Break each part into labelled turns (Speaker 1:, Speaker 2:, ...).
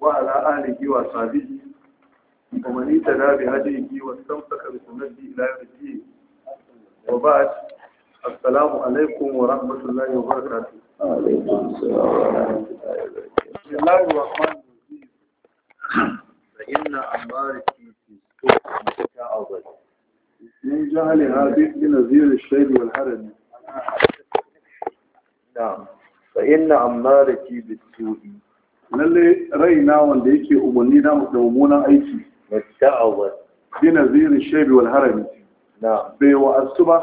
Speaker 1: وعلى آله وصحبه ومن اهتدى بهديه واستمسك بسنته إلى يوم الدين وبعد السلام عليكم ورحمة الله وبركاته بسم الله الرحمن الرحيم فإن أمارتي في السوق متعبد من جهلها بنظير الشيب والحرم نعم fa inna bi bisu'i lalle raina wanda yake umarni na da mummunan aiki musta'awar bi nazir shaybi wal harami na bai wa asuba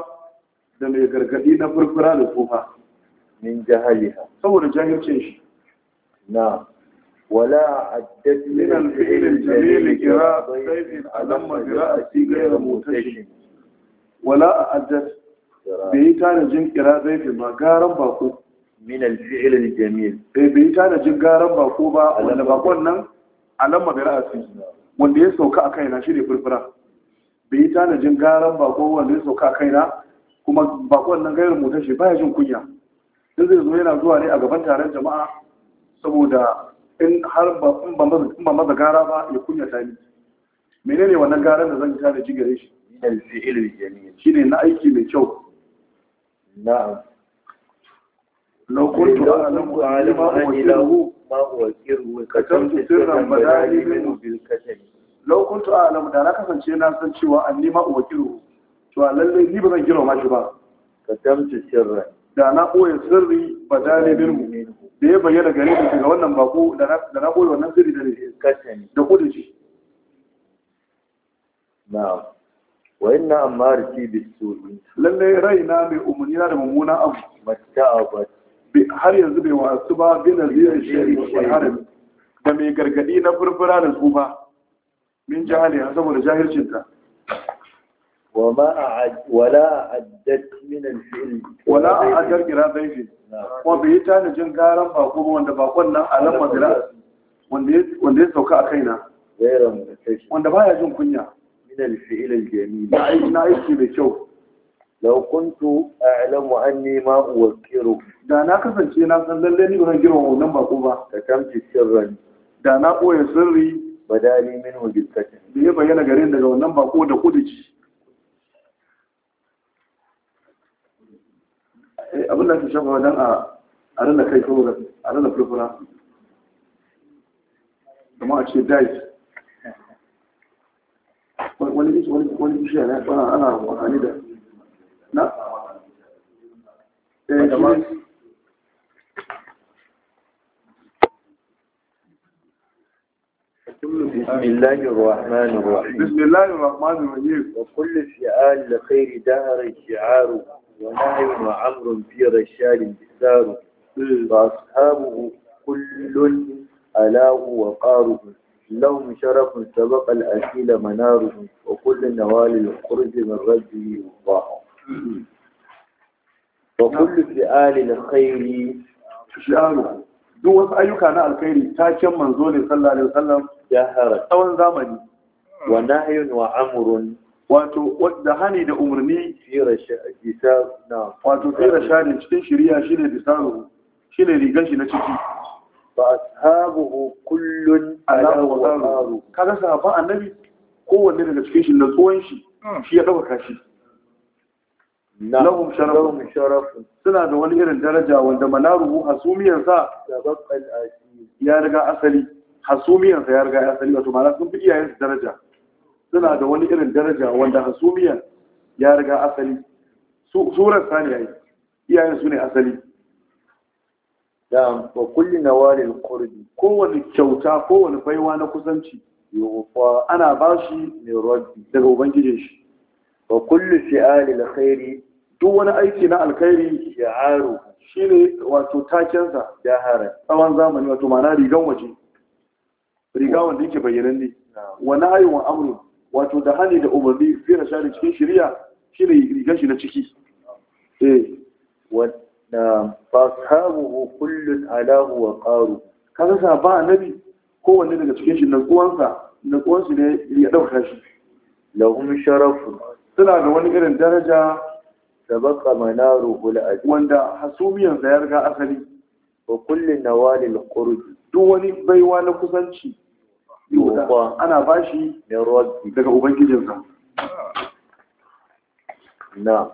Speaker 1: da mai gargadi na furfura da tsofa min jahaliha saboda jahilcin shi na ولا عدد من الفعل الجميل قراءة سيف ألم قراءتي غير متشم ولا عدد بيتان جن قراءة سيف ما قارن باقو min al-fi'l al eh bai ta da jingaran bako ba wanda bakon nan alamma bi ra'asi wanda ya sauka a kaina shi ne furfura bai yi tanajin garan bako wanda ya sauka a kaina kuma bakon nan gairin motar shi baya jin kunya duk zai zo yana zuwa ne a gaban taron jama'a saboda in har ba maza gara ba ya kunya ta ni menene wannan garan da zan yi tanaji gare shi shi ne na aiki mai kyau na'am لو كنت أعلم أعلم أني له ما هو كره كتمت سرا بدالي منه بالكتم لو كنت أعلم da na kasance na san cewa an nima uwa kiro to lalle ni ba zan kiro ma shi ba ka katamta sirra da na koyi sirri badale bin da ya bayyana gare ni daga wannan bako da na da na koyi wannan sirri da ne da kudin shi na'am wa inna amarti bisu lalle raina mai umurina da mummuna abu mata matta'abat har yanzu mai wasu ba gina ziyar da harin da mai gargadi na furfura da su min jihali a saboda jahilcinta wala a ajar kira fi kuma bai yi tanijin garan bako wanda bakon nan a alamma zira wanda ya sauka a kaina wanda ba ya jin kunya na aiki mai kyau لو كنت أعلم أني ما أوكره da na kasance na san lalle ni ba zan girma wannan bako ba da kamci sirran da na boye sirri badali min hujjatin da ya bayyana garin daga wannan bako da kudici eh, abin da ke shafa wajen a a rana kai kawai a rana furfura kuma a ce dice wani bishiya na ana amfani da بسم الله الرحمن الرحيم بسم الله الرحمن الرحيم وكل فعال لخير دهر الشعار ونهي وعمر في رشال بسار وأصحابه كل ألاه وقاره لهم شرف سبق الأكيل مناره وكل نوال القرز من رجل الله wa kullu fi'alin khairi sha'aru duk wasu ayyuka na alkhairi taken manzo ne sallallahu sallam. wasallam jahara tsawon zamani wa nahyun wa amrun wato da hani da umarni wato tsira shari cikin shirya shi ne bisaru shi ne rigar shi na ciki ba a sahabuhu kullun alamu wa kaga sahabban annabi kowanne daga cikin shi na tsohon shi hmm. shi ya ɗaukaka kashi. lahum sharafun suna da wani irin daraja wanda manaruhu hasumiyar sa ya riga asali hasumiyar sa ya riga asali wato ma'ana sun fi iyayen su daraja suna da wani irin daraja wanda hasumiyar ya riga asali surar sani yayi iyayen su ne asali da wa kulli nawalil qurbi kowane kyauta kowane baiwa na kusanci yuwa ana bashi ne rabbi daga ubangijin shi kullu fi'ali alkhairi duk wani aiki na alkhairi ya haru shine wato takensa ya hara tsawon zamani wato ma'ana rigan waje riga wanda yake bayyanan ne wa nahyun wa amru wato da hani da umarni fi rashadi cikin shari'a shine rigan shi na ciki eh wa fashabuhu kullun alahu wa qaru kaga sa ba annabi kowanne daga cikin shi na uwansa na uwansa ne ya dauka shi lahum sharafu suna da wani irin daraja da baka mana ruhul aziz wanda hasumiyan sa ya asali wa na nawalil qurb duk wani baiwa na kusanci ana bashi min rabbi daga ubangijinsa na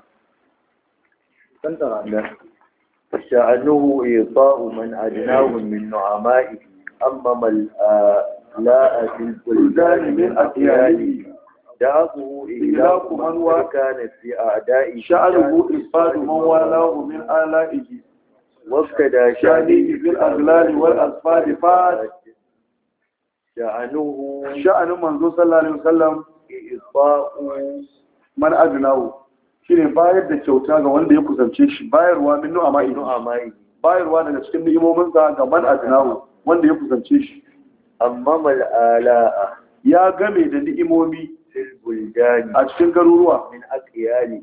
Speaker 1: شأنه إيطاء من أدناه من نعمائه أما من لا في البلدان من أطياله دابه إلاك من وكان في أعدائه شعره إثبات من والاه من آلائه وافتدى شانه بالأغلال والأصفاد فاد شأنه شأن منذ صلى الله عليه وسلم إصباء من أغناه shine bayar da kyauta ga wanda ya kusance shi bayarwa min nu'ama nu'ama'i bayarwa daga cikin ni'imominsa ga man adnahu wanda ya kusance shi amma mal'ala'a ya game da ni'imomi a cikin garuruwa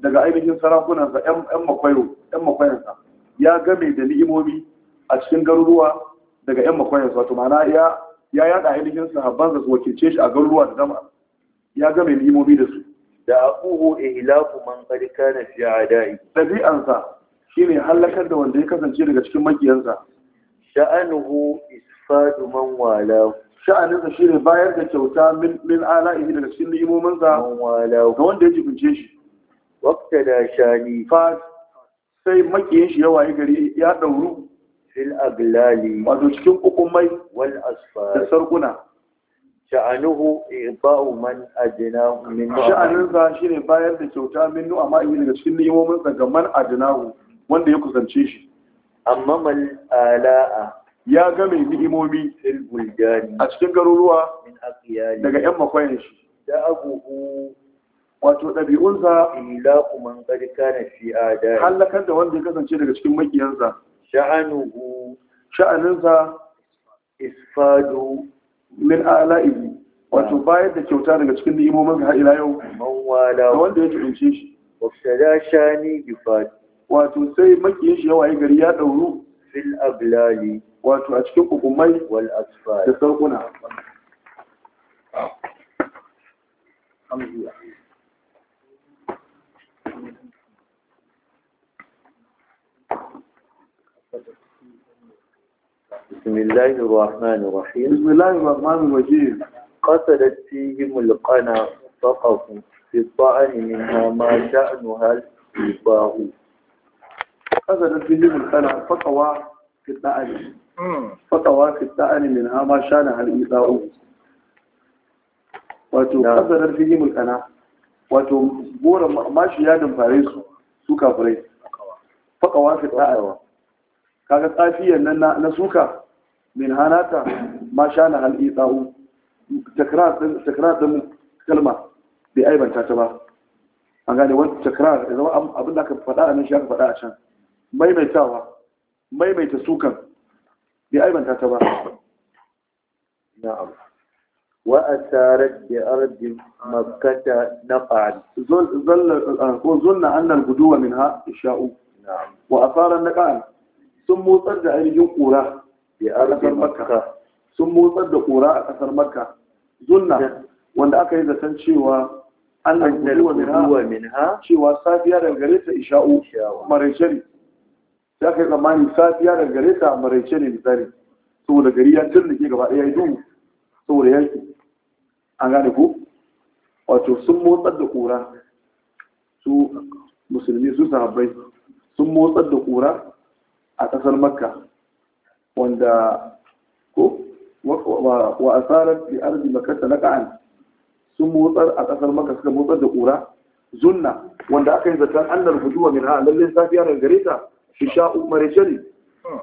Speaker 1: daga ainihin sarakunansa ‘yan makwayansa ya game da ni'imomi a cikin garuruwa daga ‘yan makwayansa wato mana ya yada ainihin sahabban da su wakilce shi a garuruwa da dama ya game ni'imomi da su da akuhu ihlaku man qad kana fi adai dabi'ansa shine halakar da wanda ya kasance daga cikin makiyansa sha'anuhu isfadu man walahu sha'aninsa shi ne bayar da kyauta min ala'ihi daga cikin ni'imominsa ga wanda ya jibince shi wakta da shani fa sai makiyin shi yawa gari ya dauru fil aglali wato cikin kukumai wal asfar da sarkuna sha'anuhu iba'u man adina min sha'aninsa shi ne bayar da kyauta min nu'ama'ihi daga cikin ni'imominsa ga man adinahu wanda ya kusance shi amma mal ala'a ya ga mai ni'imomi a cikin garuruwa daga yan makwayan shi da abubu wato ɗabi'unsa ila kuma ƙarƙa na fi adai hallakar da wanda ya kasance daga cikin makiyansa sha'anuhu sha'aninsa isfadu min ala'ihi wato bayar da kyauta daga cikin ni'imomin har ila yau da wanda ya tunce shi wafsada shani gifat wato sai makiyin shi yawa gari ya ɗauru fil ablali wato a cikin kukumai wal بسم الله الرحمن الرحيم بسم الله الرحمن الرحيم قصدت فيهم القنا فقفوا في الطعن منها ما شأنها الإباه أذن الدين المتنع فتوى في التعالي فتوى في التعالي منها ما شانها الإيطاء واتو نعم. أذن الدين المتنع واتو بورا ما شيادن فريس سوكا فريس في التعالي كانت آفيا لنا نسوكا من هاناتا ما شانها الإيطاء تكرار تكرار كلمة بأي أنا قال لي وانت تكرار إذا فتاة maimaitawa maimaita sukan bai aibanta ta ba na'am wa asarat bi ardi makkata naqad zalla eh, ko zunna anna al-guduwa minha isha'u na'am wa asara naqad sun motsar da ainihin kura bi ardi makka sun motsar da kura a kasar makka zunna wanda aka yi zaton cewa an guduwa minha cewa safiya daga gare ta isha'u marajari ya kai tsammani safiya da gare ta maraice ne misali saboda gari ya ke gaba ɗaya ya duhu saboda yanki an gane ku wato sun motsar da ƙura su musulmi su sahabbai sun motsar da ƙura a ƙasar makka wanda ko wa asarar fi arzi makarta na ka'an sun motsar a ƙasar makka suka motsar da ƙura zunna wanda aka yi zaton annar wa min ha lallai safiya da gare ta shisha'u marjani hmm.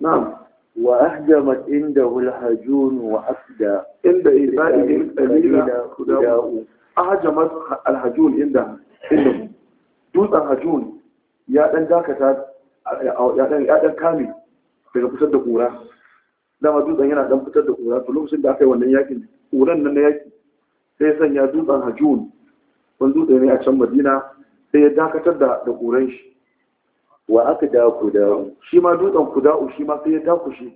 Speaker 1: na'am وأهجمت عنده الهجون وأفدى عند إبائه القليلة خداء أهجمت الهجون عنده عنده دوت الهجون يا دان داكتا يا دان يا دان كامي daga fitar da ƙura dama dutsen yana dan fitar da ƙura to lokacin da aka yi wannan yakin ƙuran na yaki sai sanya dutsen hajjun wani dutse ne a can madina sai ya dakatar da ƙuran shi wa aka da da shi ma dutsen ku da shi ma sai ya shi.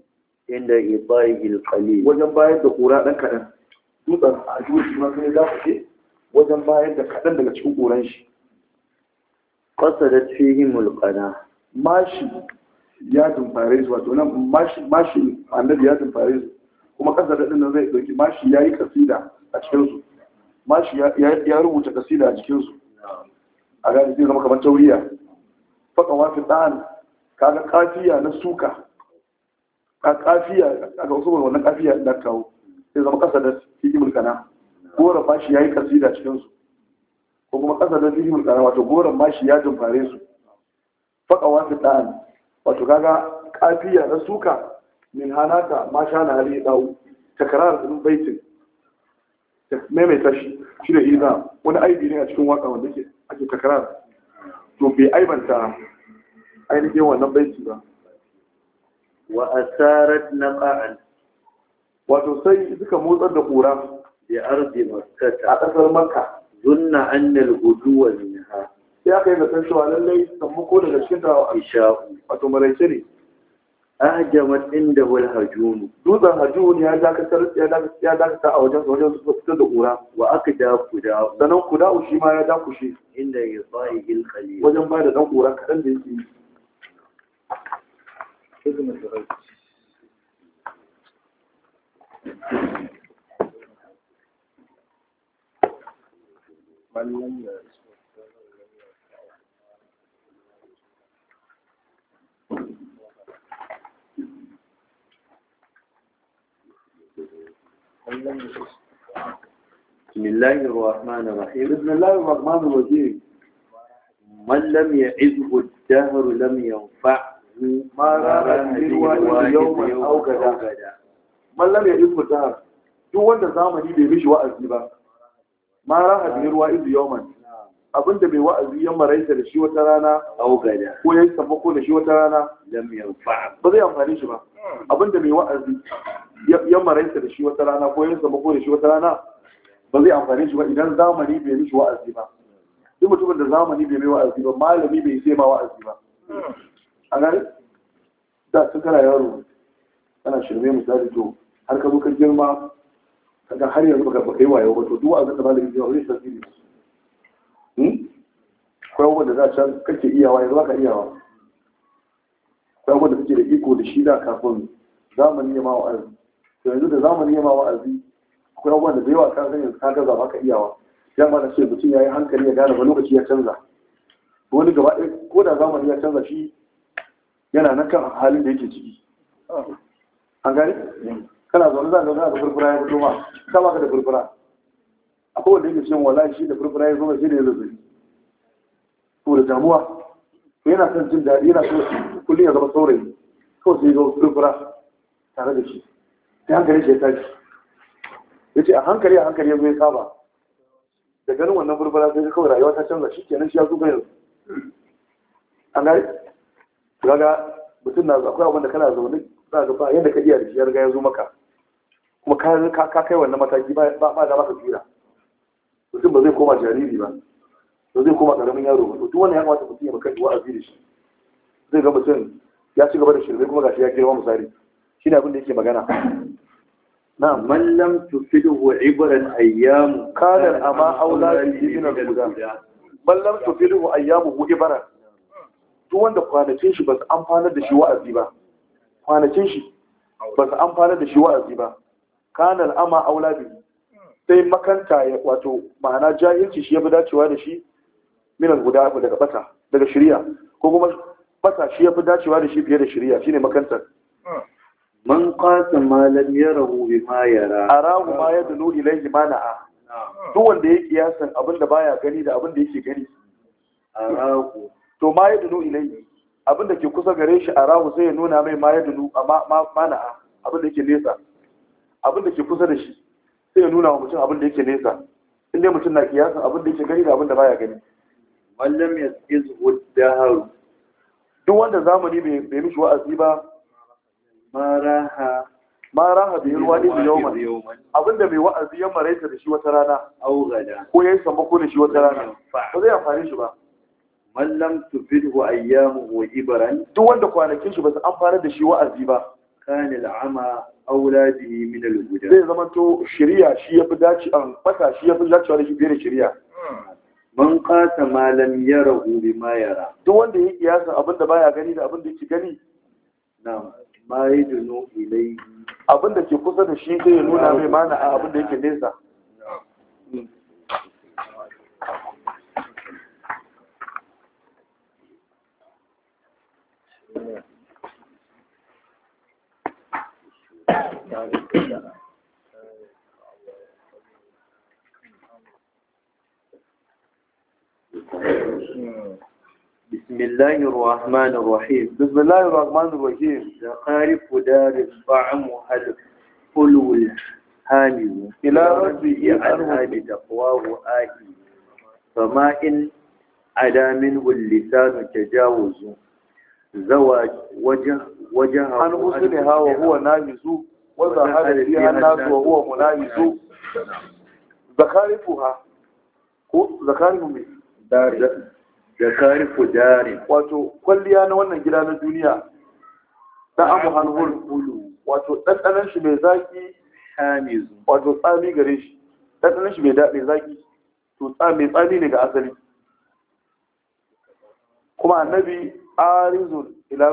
Speaker 1: inda bayi ilkali wajen bayar da kura ɗan kaɗan dutsen a shi ma sai ya shi wajen bayar da kadan daga cikin kuran shi ƙasa da fihi mulkana mashi ya tumfare su wato nan mashi mashi annabi ya tumfare su kuma ƙasa da ɗin zai ɗauki mashi ya yi kasida a su mashi ya rubuta kasida a su a ga zai zama kamar tauriya faka wafi ɗan kaga kafiya na suka a kafiya a ga wasu wannan kafiya da kawo sai zama kasa da hikimul kana goran bashi yi kasida cikin su ko kuma kasa da hikimul kana wato goron bashi ya jimfare su faka wafi ɗan wato kaga kafiya na suka min ta ma sha na hali dawo takrar din baitin maimaita shi shi da iza wani aibi ne a cikin waka wanda ake takrar to bai aibanta ainihin wannan baiti ba wa asarat ba'an wato sai suka motsar da kura da ardi makkata a kasar makka zunna annal wa minha sai aka yi zaton cewa lallai sammako daga cikin da shafi. wato maraice ne ahjamat inda wal hajun dutsen hajun ya dakatar ya dakatar a wajen wajen fitar da kura wa aka da kuda sanan kuda shi ma ya dakushe inda ya tsaye gil qalil wajen ba da dan kura kadan da yake Thank you. بسم الله الرحمن الرحيم بسم الله الرحمن الرحيم من لم يعزه الدهر لم ينفعه mararan bilwani yawman au gada mallam ya izu dahar duk wanda zamani bai mishi wa'azi ba marahan bilwa izu abinda bai wa'azi ya da shi wata rana au gada ko ya samu da shi wata rana lam yanfa ba zai amfani shi ba abinda wa'azi ya maraita da shi wata rana ko yansa samu da shi wata rana ba zai amfani shi ba idan zamani bai mishi wa'azi ba duk mutumin da zamani bai mai wa'azi ba malami bai sai ma wa'azi ba a gani da su kana yaro kana shirme misali to har ka zo ka girma kaga har yanzu baka baka yi wayo ba to duk wa'azin da malami zai sai ne hmm? akwai abubuwan da za a kake iyawa yanzu ka iyawa akwai abubuwan da kake da iko da shi da kafin zamani ya ma wa'azi yanzu da zamani ya ma wa'azi akwai abubuwan da da yawa ka yanzu ka gaza ba ka iyawa ya ma na ce mutum ya yi hankali ya gane ba lokaci ya canza wani gaba ɗaya ko da zamani ya canza shi yana nan kan halin da yake ciki an gani kana zaune za ka zaune da furfura ya fito ma ka ka da furfura akwai wanda yake cikin wallahi shi da furfura ya zo shi da ya zai Ko da damuwa yana son jin daɗi yana so kullum ya zama saurayi kawai sai ya zo furfura tare da shi sai hankali shi ya tashi ya ce a hankali a hankali ya zo ya saba da ganin wannan burbura sai ka kawai rayuwa ta canza shi kenan shi ya zuba yanzu an gari raga mutum na akwai abin da kana zaune za ga ba yadda ka iya da shi ya riga ya zo maka kuma ka kai wannan mataki ba da maka jira mutum ba zai koma jariri ba ba zai koma karamin yaro ba duk wannan ya kamata mutum ya maka wa'azi da shi zai ga mutum ya ci gaba da shirme kuma gashi ya girma misali shi ne abin da yake magana na mallam tufidu ibran ayyam kana ama aula min al-huda mallam tufidu ayyamu ibran duk wanda kwanakin shi ba su amfanar da shi wa'azi ba kwanakin shi ba su amfanar da shi wa'azi ba kana ama aula bi sai makanta ya wato ma'ana jahilci shi ya fi dacewa da shi minan guda daga bata daga shari'a ko kuma bata shi ya fi dacewa da shi fiye da shari'a shine makantar
Speaker 2: man qasa ma lam yarahu
Speaker 1: bima yara arahu ma yadlu ilayhi ma na'a duk wanda ya kiyasan abin da baya gani da abin da yake gani arahu to ma yadlu ilayhi abin da ke kusa gare arahu sai ya nuna mai ma yadlu amma ma abin da yake nesa abin da ke kusa da shi sai ya nuna wa mutum abin da yake nesa inda mutum na kiyasan abin da yake gani da abin da baya gani wallam yazhu dahar duk wanda zamani bai mishi wa'azi ba ma raha da yin wani da yawon abinda mai wa'azi ya maraita da shi wata rana ko ya yi sammako da shi wata rana ba zai amfani shi ba mallam tufidhu ayyamu wa ibaran duk wanda kwanakin shi ba su amfana da shi wa'azi ba kane la'ama auladi min al-huda zai zama to shari'a shi yafi dace an fata shi yafi dacewa da shi biye da shari'a man qata ma lam yarahu bima yara duk wanda ya kiyasa abinda baya gani da abinda yake gani na'am ma yi dunu ilai abin ke kusa da shi zai nuna mai mana a abin da yake nesa mm بسم الله الرحمن الرحيم بسم الله الرحمن الرحيم زخارف دار هل الحلو الهامل إلى ربه عنها تقواه آهي فما إن عدا منه اللسان تجاوز زواج وجه وجه عن غسلها وهو ناجز وظهر فيها الناس وهو منامز نعم. زخارفها زخارف دار da kari jari wato kwalliya na wannan gida na duniya da abu halhul kulu wato ɗanɗanan shi mai zaki hamizu wato tsami gare shi ɗanɗanan shi mai daɗe zaki to tsami tsami ne ga asali kuma annabi arizun ila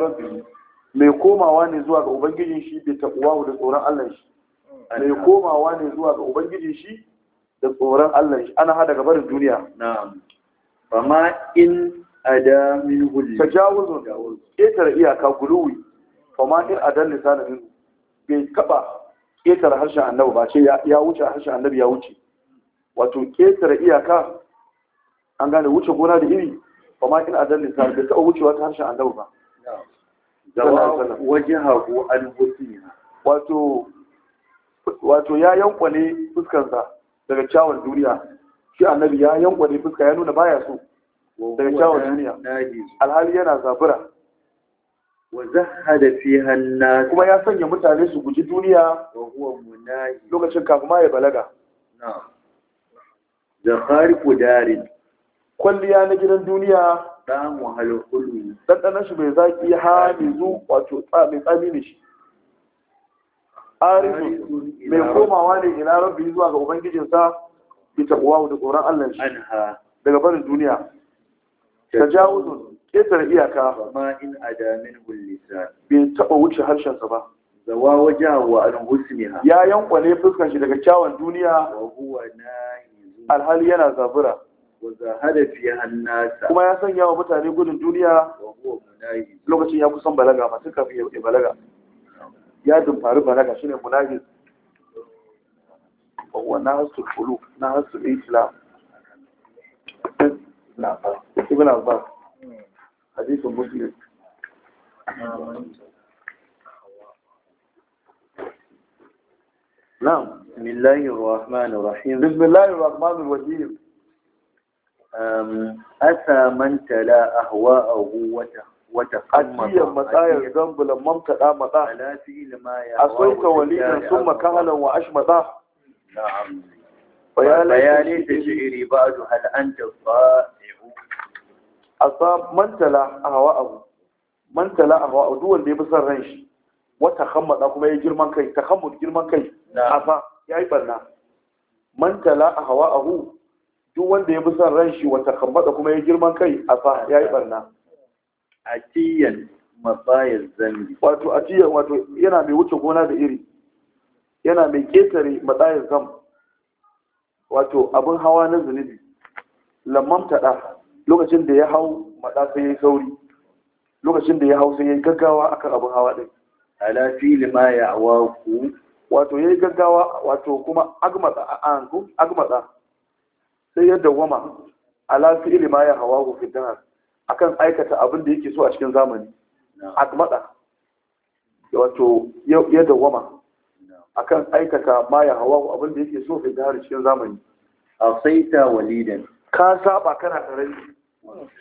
Speaker 1: mai komawa ne zuwa ga ubangijin shi bai taɓuwa da tsoron Allah shi mai komawa ne zuwa ga ubangijin shi da tsoron Allah shi ana hada gabarin duniya na'am fama in ada hulli tajawuzun ƙetare iyaka guluwi fama in ada lisana min bai kaba ƙetare harshen annabi ba ce ya wuce harshen annabi ya wuce wato ƙetare iyaka an gane wuce gona da iri fama in ada lisana bai taɓa wucewa ta harshen annabi ba waje hagu husina wato ya yankwane fuskansa daga cawar duniya shi annabi ya yankwane fuska ya nuna baya so daga kyawun duniya alhali yana zabura kuma ya sanya mutane su guji duniya lokacin kafin ma ya balaga kwalliya na gidan duniya ɗanɗanar shi mai zaƙi hamizu wato mai tsami ne shi arizu mai komawa ne ina rabbi zuwa ga ubangijinsa bi taqwa da ƙoran Allah shi daga barin duniya tajawuzun ƙetare iyaka ma in adamin lisan bai taɓa wuce sa ba zawa waje wa an husniha ya yankwane fuskar shi daga kyawun duniya alhali yana zabura kuma ya sanya wa mutane gudun duniya lokacin ya kusan balaga masu kafin balaga ya dumfari balaga shine munahiz هو الفلوس القلوب ناس الإسلام نعم ابن عباس حديث مسلم نعم بسم الله الرحمن الرحيم بسم الله الرحمن الرحيم أتى من تلا أهواءه وتقدم أتي مطايا الذنب لما امتدى مطاع ألا فعل ما يهواه أصيت وليدا ثم كهلا وأشمطاه na'am bayani da shi'iri ba'du hal anta sa'ihu asab man tala ahwa abu man tala ahwa duk wanda ya bi son ran shi wata khammada kuma ya girman kai takhammud girman kai duk wanda ya bi son ran shi wata khammada kuma ya girman kai afa yayi barna atiyan masayil zambi wato atiyan wato yana mai wuce gona da iri yana mai ketare matsayin zam wato abin hawa na zunubi lamman taɗa lokacin da ya hau maɗa sai ya yi sauri lokacin da ya hau sai ya yi gaggawa akan abin hawa ɗin ala fili ma ya ku wato ya yi gaggawa wato kuma agmata a anku agmata sai ya dawwama ala fili ma ya hawa ku fitar akan aikata abin da yake so a cikin zamani agmata wato ya dawwama akan aikata ma ya hawa abin da yake so fi da cikin zamani a saita walidan ka saba kana tare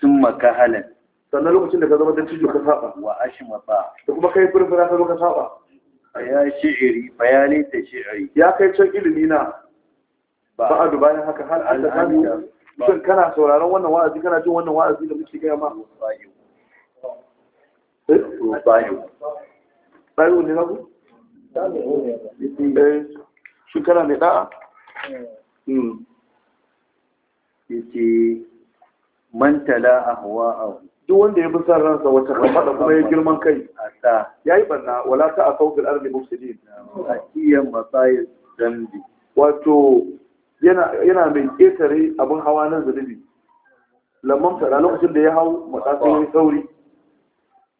Speaker 1: sun maka halin sannan lokacin da ka zama dan cijo ka saba wa ba. da kuma kai furfura ka zo ka saba ya shi'iri bayanai ta shi'iri ya kai can ilimi na Ba a bayan haka hal an da kanu shin kana sauraron wannan wa'azi kana jin wannan wa'azi da muke gaya ma bayu bayu ne na ku Eh, shekara kana mai da'a hmm. ya ce mantala a hawa duk wanda ya fi san ransa wata ramada kuma ya girman kai ya yi barna wala ta a kawfil arzikin Musulmi. a kiyan matsayin zambi wato yana mai ƙetare abin hawa na zunubi lamman fada lokacin da ya hau matsatsin sauri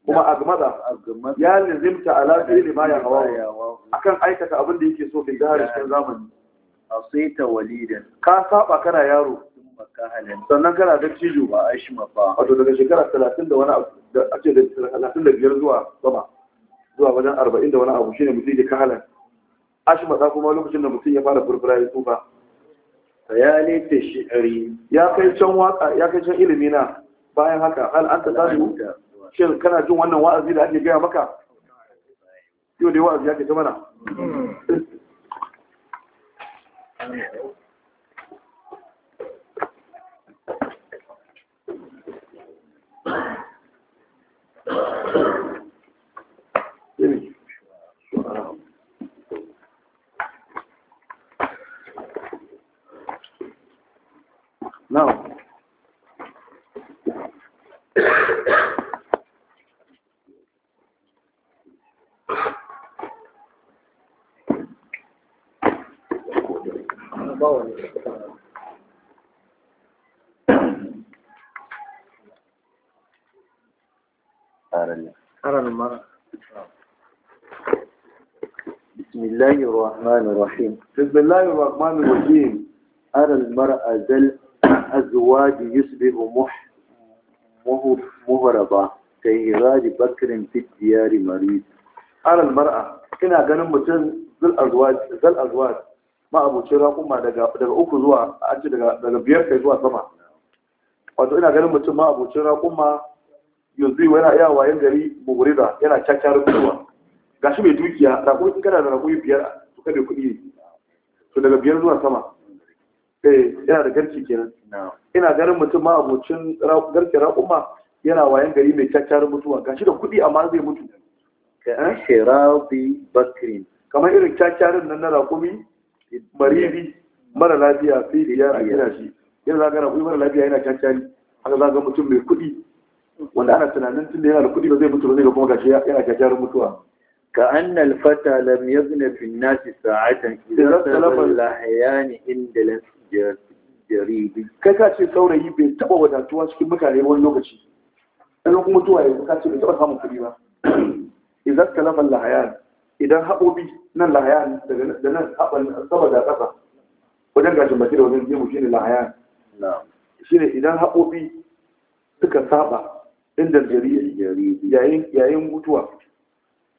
Speaker 1: kuma a agmaza ya lazimta ala fi'li ma ya hawa a kan aikata abinda yake so bai da harshen zamani a asita walidan ka saba kana yaro sannan kana da cijo ba a shi mafa wato daga shekara 30 da wani abu da ake da 35 zuwa sama zuwa wajen 40 da wani abu shine mutum yake kahalan a shi mata kuma lokacin da mutum ya fara furfura ya tsufa ya lete shi'ari ya kai can waka ya kai can ilimi na bayan haka hal an ta tsari shin kana jin wannan wa'azi da ake gaya maka yau dai wa'azi ya ke ta mana أرى المرأة بسم الله الرحمن الرحيم بسم الله الرحمن الرحيم أرى المرأة ذل الزواج يصبح مح مهربا كهراج بكر في الديار مريض أرى المرأة كنا مثل ذل أزواج ذل أزواج ma'abucin raƙuma daga uku zuwa an ce daga biyar kai zuwa sama wato ina ganin mutum ma'abucin raƙuma yanzu wani iya wayan gari da yana cakka kuwa ga shi mai dukiya raƙumi in kana da raƙumi biyar su kaɗe kuɗi to daga biyar zuwa sama eh yana da garki kenan ina ganin mutum ma'abucin garki raƙuma yana wayan gari mai cakka mutuwa. ga shi da kuɗi amma zai mutu ka an shirabi bakirin. kamar irin cakkarin nan na raƙumi mariri mara lafiya sai da yara yana shi yana zaga rabu mara lafiya yana cancani haka ga mutum mai kuɗi wanda ana tunanin tun da yana da kuɗi ba zai mutu ba zai ga kuma gashi yana cancanin mutuwa ka annal fata lam yazna fi nasi sa'atan idan talaba lahayani inda jaribi kai ka ce saurayi bai taba wadatuwa cikin mutane wani lokaci dan kuma mutuwa ya ka ce bai taba samun kuɗi ba idan talaba lahayani idan haɓobi nan lahayan da nan haɓar saba da ƙasa wajen gashin baki da wajen gemu shi ne lahayan shi ne idan haɓobi suka saba inda jari yayin mutuwa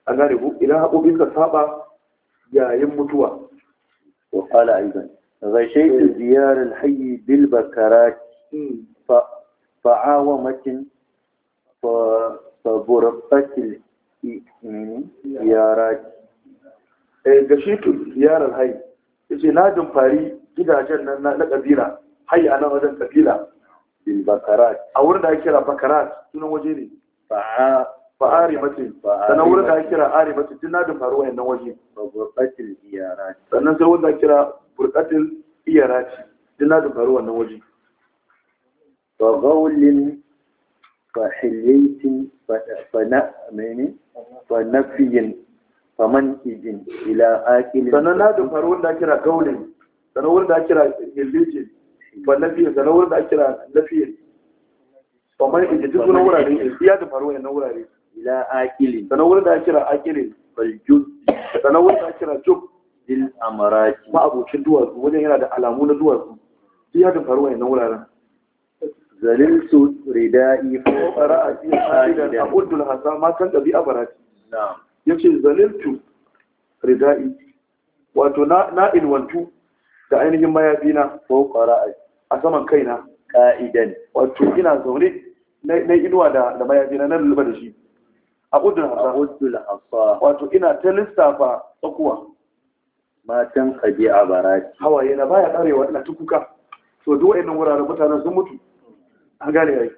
Speaker 1: a gane ku idan haɓobi suka saba yayin mutuwa wa kala aizan غشيت زيار الحي بالبكرات فعاومة فبرقة Mm-hmm. yara eh, ga shi tu yaran hai yace na dumfari gidajen nan na ƙabila, hai a nan wajen ƙabila. bakarat a wurin da ake kira bakarat sunan waje ne ba fa arimatin sannan wurin da ake kira arimatin tun na jin faruwa yannan waje sannan sai wanda ake kira burqatil iyaraci, tun na jin faruwa yannan waje fahiliyatin fana'amini fanafiyin faman izin ila akilin sanar na dukkanu wanda kira gaunin sanar wanda kira hilbitin fanafiyin sanar wanda kira nafiyin faman izin duk suna wurare ya dukkanu yana wurare ila akilin sanar wanda kira akilin faljun sanar wanda kira cuk dil duwatsu wajen yana da alamu na duwatsu ya dukkanu yana wuraren zalimtu rida'i fa ra'ati qaidan aquddu al-hasa ma kan dabi'a barati na'am yace zalimtu rida'i wato na na ilwantu da ainihin mayafina ko qara'a a saman kaina qa'idan wato ina zaune na inuwa da da mayafina na lulluba da shi aquddu al-hasa aquddu wato ina ta lissafa tsakuwa matan qadi'a barati hawaye na baya karewa ina tukuka to duk wa'annan wuraren mutanen sun mutu an gane yi.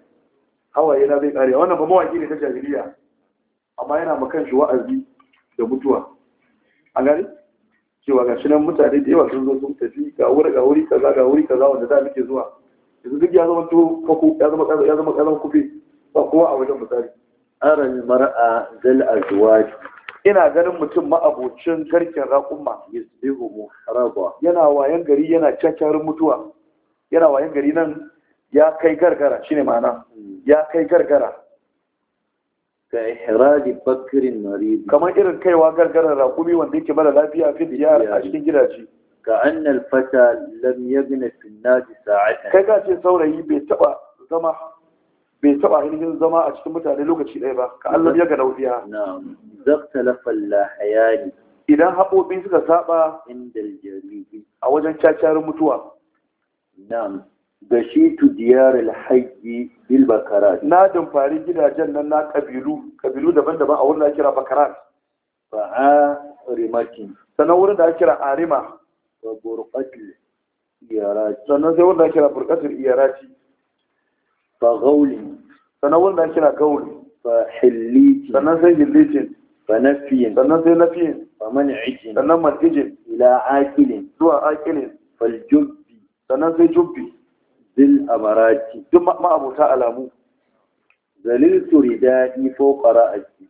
Speaker 1: hawaye na zai kare wannan ba mawaki ne ta jahiliya amma yana makan shi wa'azi da mutuwa an gane cewa ga nan mutane da yawa sun zo sun tafi ga wuri ga wuri kaza ga wuri kaza wanda a muke zuwa yanzu duk ya zama to fako ya zama kaza ya zama kaza ba kowa a wajen misali aran mar'a zal azwaj ina ganin mutum ma'abocin garken raƙumma yasbihu muharaba yana wayan gari yana cakarin mutuwa yana wayan gari nan ya kai gargara ne ma'ana ya kai gargara ka ihradi bakirin nari kamar irin kaiwa gargara rakumi wanda yake mara lafiya fi yara a cikin gidaje ga annal fata lam yagna fi sa'atan kai ka ce saurayi bai taba zama zama a cikin mutane lokaci ɗaya ba ka Allah ya ga dauriya na'am zakta lafal hayali idan haɓobi suka saba indal jaridi a wajen cacarin mutuwa na'am gashitu diyaril hayyi bil bakarat na fari gidajen nan na kabilu kabilu daban-daban a wurin da kira bakarat fa rimaki sannan wurin da kira arima wa burqati iyarati sannan sai wurin da kira burqatil iyarati fa gauli sannan wurin da kira gauli fa hilliti sannan sai hillitin fa nafiyin sannan sai nafiyin fa man'ijin sannan man'ijin ila aqilin zuwa aqilin fal jubbi sannan sai jubbi bil amarati duk ma'abuta alamu zaliltu ridai ko ra'si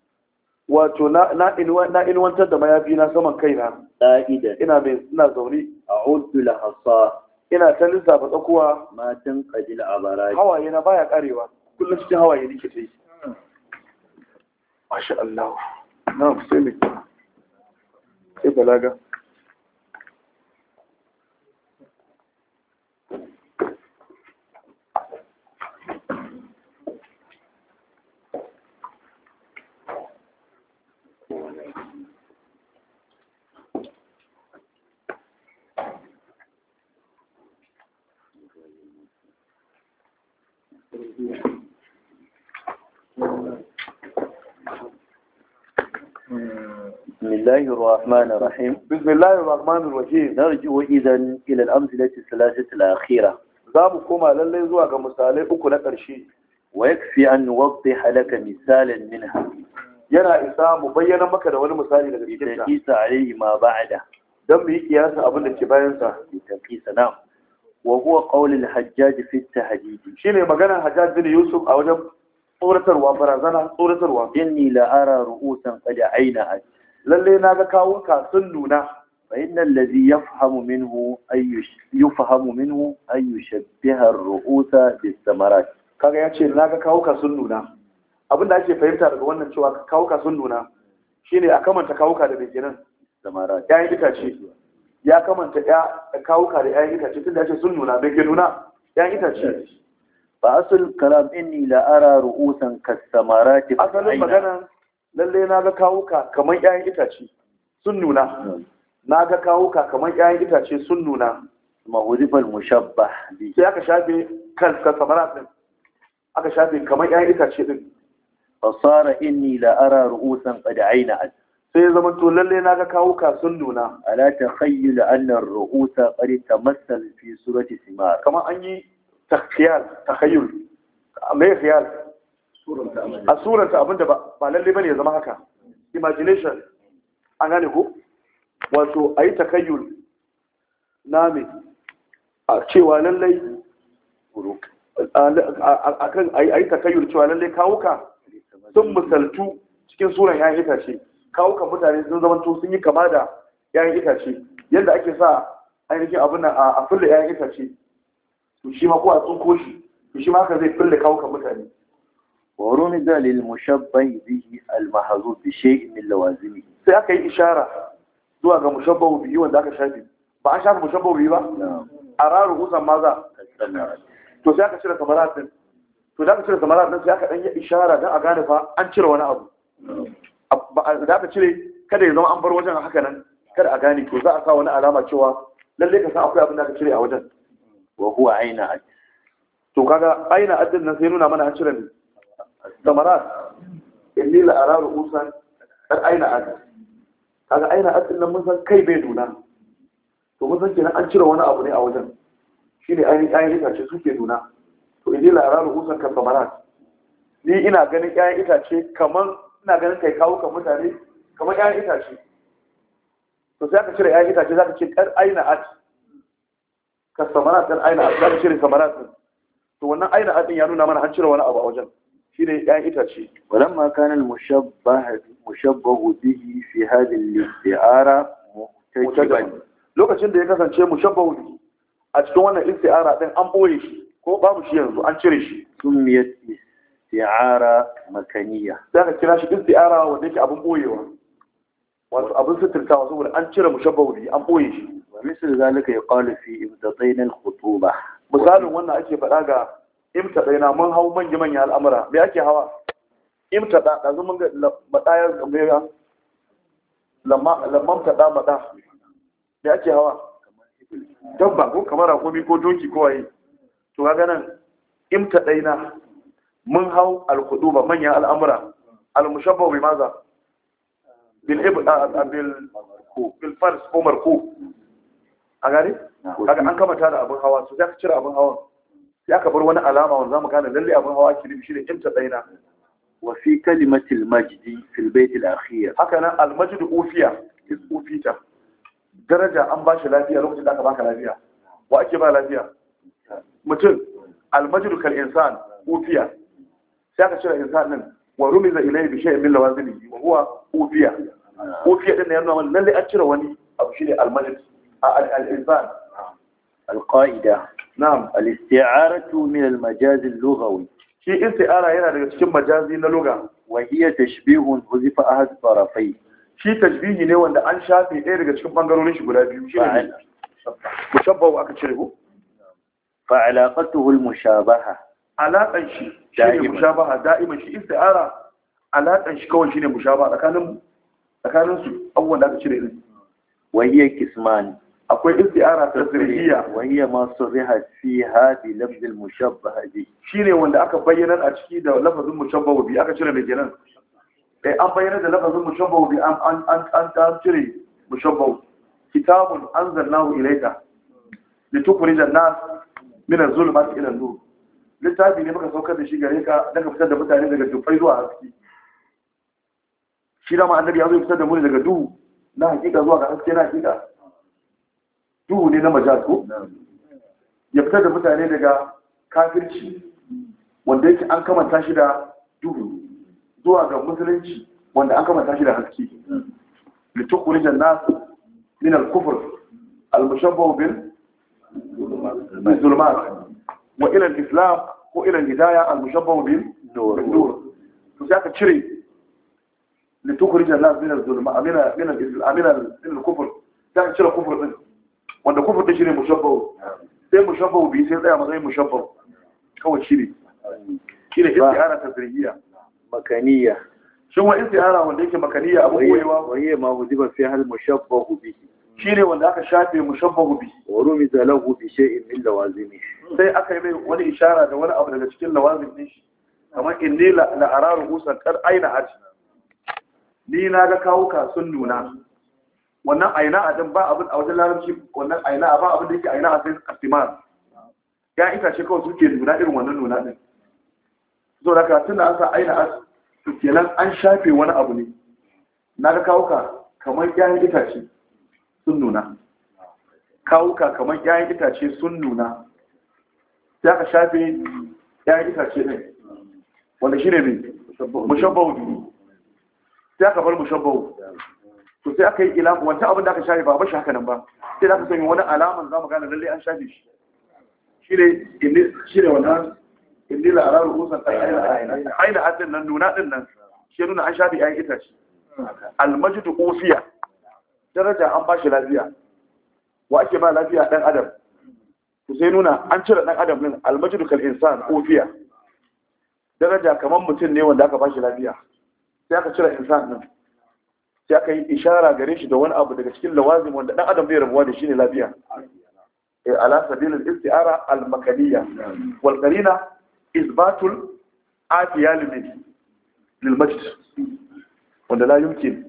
Speaker 1: wato na na na inwantar da mayafi na saman kaina da'ida ina mai ina zaune uddu la hasa ina ta lissafa tsakuwa matan qadil a hawaye na baya karewa kullum cikin hawaye nake ta masha Allah na sai sai balaga بسم الله الرحمن الرحيم بسم الله الرحمن الرحيم نرجع اذا الى الامثله الثلاثه الاخيره ذاب كما لله زوا ga misale uku na karshe wa yakfi an nuwaddih laka misalan minha yana isa mu bayyana maka da wani misali daga cikin ta isa alayhi ma ba'da dan mu yi kiyasa abin da ke bayan sa ta fi sana'a wa huwa qaulul hajjaj fi at-tahdid shine maganar hajjaj bin yusuf a wajen tsoratarwa barazana tsoratarwa inni la ara ru'usan qad aina lalle naga kawun sun nuna الذي يفهم منه أي يفهم منه أن يشبه الرؤوس بالثمرات kaga yace naga kawuka sun nuna abin da ake fahimta daga wannan cewa kawuka sun nuna shine a kamanta kawuka da bikinan Ya yayin itace ya kamanta ya kawuka da 'ya'yan itace tun da ce sun nuna bai ke nuna 'ya'yan itace ba sun kalam inni la ara ru'usan kasamarati asalin magana lallai na ga kawuka kamar 'ya'yan itace sun nuna na ga kawuka kamar 'ya'yan itace sun nuna mahudifal mushabba bi sai aka shafe kan kasamarat din aka shafe kamar 'ya'yan itace din fasara inni la ara ru'usan aina ayna'at sai ya zama to lalle na ga kawo kasun luna ala takhayyul la'annan ar-ru'usa qad tamassal fi surati simar kamar an yi takhyal takhayyul me khiyal a surata abinda ba lalle bane ya zama haka imagination an gane ko wato ayi takhayyul na me a cewa lalle akan ayi takhayyul cewa lalle kawo ka sun misaltu cikin suran ya hita shi kawukan mutane sun zama to sun yi kama da 'ya'yan itace yadda ake sa ainihin abin nan a fulle 'ya'yan itace to shi ma ko a tsunko shi to shi ma haka zai fulle kawukan mutane ورمز للمشبه به المحذوف بشيء من لوازمه sai aka yi ishara zuwa ga mushabbahu bihi wanda aka shafi ba an shafi mushabbahu bihi ba a raru husan maza to sai aka cire samarat din to da aka cire samarat din sai aka dan yi ishara dan a gane fa an cire wani abu da aka cire kada ya zama an bar wajen haka nan kada a gane to za a sa wani alama cewa lalle ka san akwai abin da aka cire a wajen wa huwa aina ad to kaga aina ad nan sai nuna mana an cire ne samarat illi la ara ru'usan dar aina ad kaga aina ad nan mun san kai bai duna to mun san kenan an cire wani abu ne a wajen shine ainihin ainihin itace suke duna to illi la ara ru'usan ka samarat ni ina ganin ƴaƴan itace kaman ina ganin kai kawo kan mutane kamar 'ya'yan itace to sai aka cire 'ya'yan itace za ka ce kar aina at ka samara kar aina at za ka cire samara din to wannan aina at ya nuna mana an cire wani abu a wajen shine 'ya'yan itace ma kana al-mushabbah mushabbahu bihi fi hadhihi al-isti'ara mutajaban lokacin da ya kasance mushabbahu bihi a cikin wannan isti'ara din an boye shi ko babu shi yanzu an cire shi sumiyat isti'ara makaniya za ka kira shi isti'ara wanda yake abin boyewa wato abin suturtawa saboda an cire mushabbahu bi an boye shi wa misal zalika yuqalu fi ibtadain al-khutubah misalin wannan ake faɗa ga ibtadaina mun hau manya manya al'amura me ake hawa ibtada da mun ga madaya gamera lamma lamma tada mada me ake hawa dabba ko kamar ko ko doki ko waye to ga nan ibtadaina mun hau ba manyan al'amura al-mushabba bi maza bil bil fars ko marku a gane kaga an kamata da abin hawa su zaka cire abin hawan sai aka bar wani alama wanda zamu gane lalle abin hawa kilibi shi ne imta tsaina wa fi kalimati al-majdi fi bayt al-akhir haka nan al-majdu ufiya ufita daraja an bashi lafiya lokacin da aka baka lafiya wa ake ba lafiya mutum al-majdu kal insan ufiya sai aka cire insan din wa rumiza ilayhi bi shay'in min lawazimihi wa huwa ufiya ufiya din ya nuna lalle an cire wani abu shine al-majid al-insan al-qa'ida na'am al-isti'aratu min al-majaz al-lughawi shi isti'ara yana daga cikin majazi na lugha wa hiya tashbihun huzifa ahad tarafai shi tashbihi ne wanda an shafe ɗaya daga cikin bangarorin shi guda biyu shine mushabbahu aka cire ko fa alaqatuhu al-mushabaha alaƙan shi shi ne mushabaha da'iman shi isti'ara alaƙan shi kawai shine ne mushabaha tsakanin tsakanin su abubuwan da aka cire din wahiyya kisman akwai isti'ara ta sirriya wahiyya ma sariha fi hadi lafz al mushabbaha bi shine wanda aka bayyana a ciki da lafazin mushabbaha bi aka cire da kenan eh an bayyana da lafazin mushabbaha bi an an an an cire mushabbaha kitabun anzalnahu ilayka litukhrijan nas min az-zulumati ila an-nur littafi ne muka saukar da shi gare ka don ka fitar da mutane daga dubbai zuwa haske shi dama annabi ya zo fitar da mu daga duhu na hakika zuwa ga haske na hakika duhu ne na majato ya fitar da mutane daga kafirci wanda yake an kamanta shi da duhu zuwa ga musulunci wanda an kamanta shi da haske litukhrij an-nas min al-kufr al-mushabbahu bil zulumat وإلى الإفلاق وإلى البداية المشبه بالنور النور فزيادة تشري لتخرج الناس من الظلم من من من الكفر ذاك تشرى الكفر منه وأن الكفر تشري مشبه ذي مشبه بيسير ذي مغير مشبه هو تشري كده استعارة تدريجية مكانية شو هو استعارة وليك مكانية أبو وهي ما هو فيها المشبه به shine wanda aka shafe mushabbahu bi wa rumita lahu bi shay'in min lawazimi sai aka yi mai wani ishara da wani abu daga cikin lawazim din shi kamar inni la araru husan kar aina hajj ni na ga kawo ka sun nuna wannan aina a ba abin a wajen larabci wannan aina a ba abin da yake aina a sai astimar ya ita ce kawai suke nuna irin wannan nuna din zo da karatun da an sa aina a kenan an shafe wani abu ne na ga kawo ka kamar ya itace sun nuna kawuka kamar ƴaƴan itace sun nuna ya aka shafe ƴaƴan itace ne wanda shi ne mai mushabbau ne sai aka bar mushabbau to sai aka yi ilamu wancan abin da aka shafe ba bashi shi haka nan ba sai da aka sanya wani alaman za mu gane lalle an shafe shi shi ne wannan inni la'arar rukusan ta aina aina nan nuna ɗin nan shi nuna an shafe ƴaƴan itace hmm. almajidu kofiya daraja an ba shi lafiya wa ake ba lafiya ɗan adam to sai nuna an cire ɗan adam ɗin almajidu insan kofiya daraja kamar mutum ne wanda aka ba shi lafiya sai aka cire insan ɗin sai aka yi ishara gare shi da wani abu daga cikin lawazim wanda ɗan adam bai rabuwa da shi ne lafiya eh, ala sabilil isti'ara al makaniya wal isbatul afiya lil majd wanda la yumkin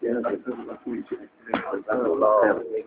Speaker 1: 别让他这么出去，别让他在外面。